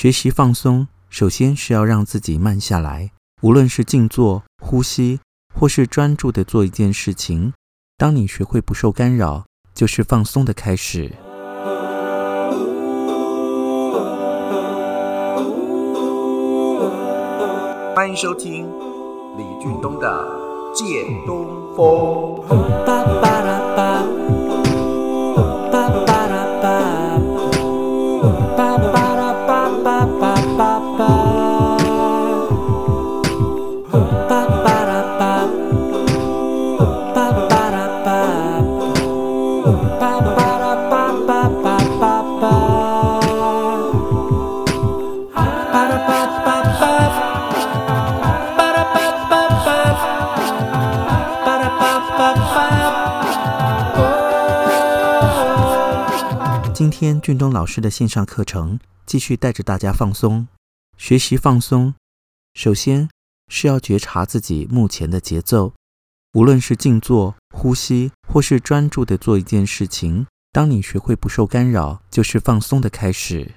學習放鬆，首先是要讓自己慢下來。無論是靜坐、呼吸，或是專注地做一件事情，當你學會不受干擾，就是放鬆的開始。歡迎收聽李俊東的《借東風》。今天俊東老師的線上課程繼續帶着大家放鬆。學習放鬆，首先是要覺察自己目前的節奏，無論是靜坐、呼吸，或是專注的做一件事情。當你學會不受干擾，就是放鬆的開始。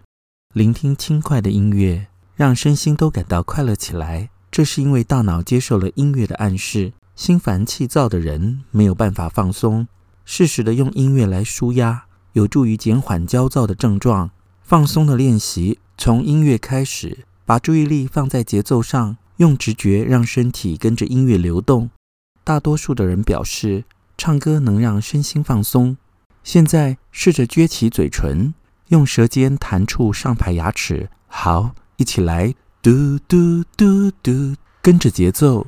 聆聽輕快的音樂，讓身心都感到快樂起來，這是因為大腦接受了音樂的暗示。心煩氣躁的人沒有辦法放鬆，適時的用音樂來舒壓，有助於減緩焦躁的症狀。放鬆的練習從音樂開始。把注意力放在節奏上，用直覺讓身體跟着音樂流動。大多數的人表示，唱歌能讓身心放鬆。現在試着撅起嘴唇，用舌尖彈出上排牙齒。好，一起來，嘟嘟嘟嘟嘟，跟着節奏。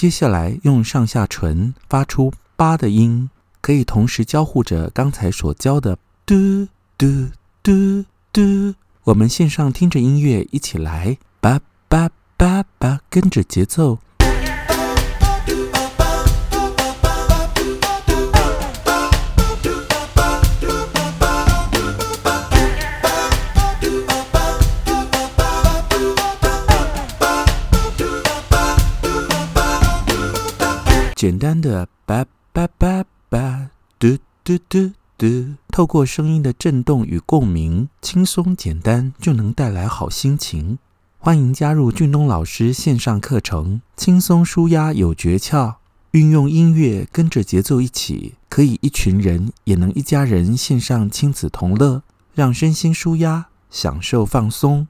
接下來用上下唇發出“八”的音，可以同時交互着剛才所教的“嘟嘟嘟嘟”嘟嘟。我們線上聽着音樂一起來“叭叭叭叭，跟着節奏。簡單的 ba ba ba ba，嘟嘟嘟嘟，透過聲音的震動與共鳴，輕鬆簡單就能帶來好心情。歡迎加入俊東老師線上課程，輕鬆紓壓有訣竅，運用音樂跟着節奏一起，可以一群人也能一家人線上親子同樂，讓身心紓壓，享受放鬆。